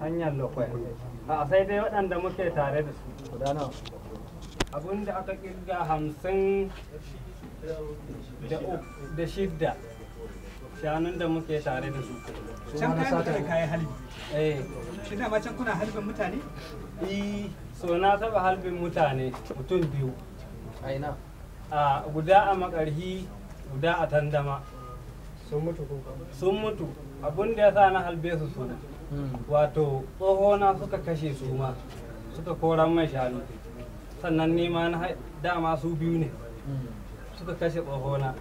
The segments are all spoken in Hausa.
hanyar lokwai a sai dai waɗanda muke tare da su da aka kirga hamsin da shidda shanun da muke tare da su can kayan mutane kayan halbi eh shi dama can kuna halbin mutane eh so na taba halbin mutane mutum biyu aina a guda a makarhi guda a tandama sun mutu sun mutu abinda ya sa na halbe su suna Hmm. wato tsohona suka kashe su ma suka koran mai shanu sannan nema na dama su biyu ne hmm. suka kashe tsohona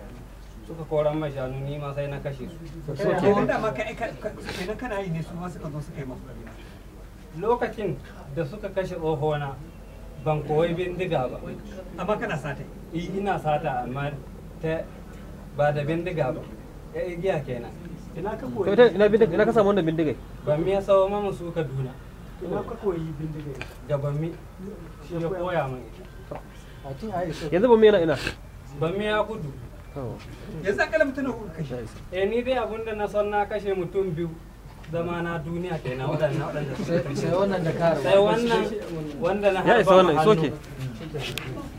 suka koran mai shanu nema sai na kashe su kenan kana yi ne su ma suka zo suka yi lokacin da suka kashe tsohona ban koyi bindiga ba amma kana sata ina sata amma ta ba da bindiga ba ya igiya kenan ina ka koyi ina bindiga ina ka samu wannan bindiga bammi ya sawo mamu su kaduna ina ka koyi bindiga da bammi shi ya koya min yanzu bammi yana ina bammi ya kudu yanzu akalla mutum uku kashe eh ni dai abinda na son na kashe mutum biyu zama na duniya kenan wadanda wadanda sai wannan da ka sai wannan wanda na harba ya isa wannan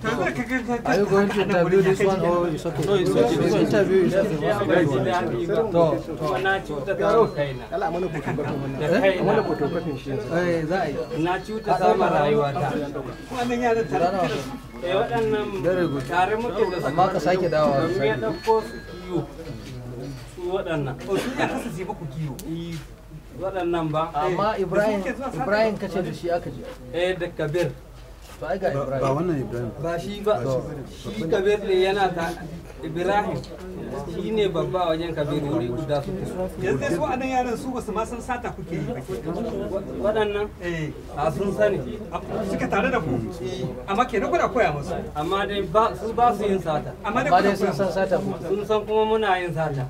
Are you going to interview this one or it's okay? No, it's okay. interview is okay. To. waɗannan amma ibrahim ibrahim kace da shi aka je eh da kabir to ba wannan ibrahim ba shi ba shi kabir ne yana ta ibrahim shi ne babba wajen kabir wuri guda su yanzu su waɗannan yaran su basu ma san sata kuke yi waɗannan eh. a sun sani suka tare da ku eh. amma kenan kuna koya musu amma dai su ba su yin sata amma dai sun san sata sun san kuma muna yin sata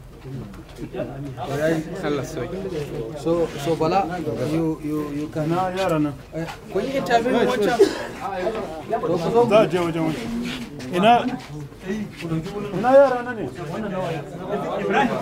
So, so Bala, you, you, you can. Na yara eh, yi Za je wajen Ina ina yara ne? Ibrahim